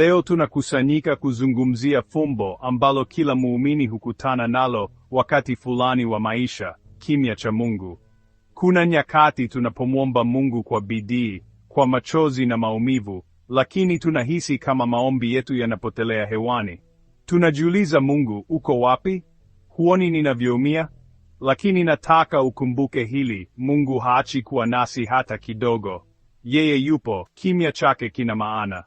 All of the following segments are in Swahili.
Leo tunakusanyika kuzungumzia fumbo ambalo kila muumini hukutana nalo wakati fulani wa maisha, kimya cha Mungu. Kuna nyakati tunapomwomba Mungu kwa bidii, kwa machozi na maumivu, lakini tunahisi kama maombi yetu yanapotelea hewani. Tunajiuliza, Mungu uko wapi? Huoni ninavyoumia? Lakini nataka ukumbuke hili, Mungu haachi kuwa nasi hata kidogo. Yeye yupo, kimya chake kina maana.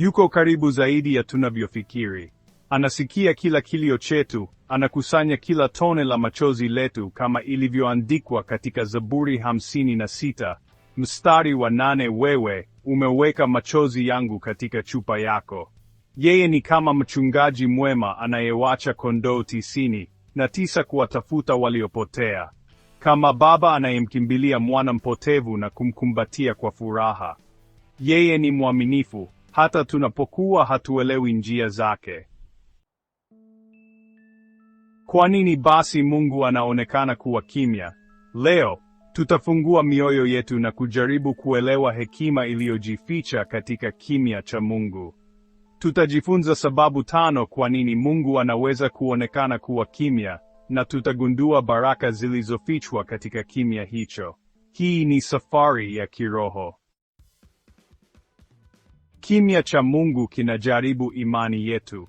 Yuko karibu zaidi ya tunavyofikiri. Anasikia kila kilio chetu, anakusanya kila tone la machozi letu kama ilivyoandikwa katika Zaburi hamsini na sita mstari wa nane wewe umeweka machozi yangu katika chupa yako. Yeye ni kama mchungaji mwema anayewacha kondoo tisini na tisa kuwatafuta waliopotea, kama baba anayemkimbilia mwana mpotevu na kumkumbatia kwa furaha. Yeye ni mwaminifu hata tunapokuwa hatuelewi njia zake. Kwa nini basi Mungu anaonekana kuwa kimya? Leo tutafungua mioyo yetu na kujaribu kuelewa hekima iliyojificha katika kimya cha Mungu. Tutajifunza sababu tano kwa nini Mungu anaweza kuonekana kuwa kimya na tutagundua baraka zilizofichwa katika kimya hicho. Hii ni safari ya kiroho. Kimya cha Mungu kinajaribu imani yetu.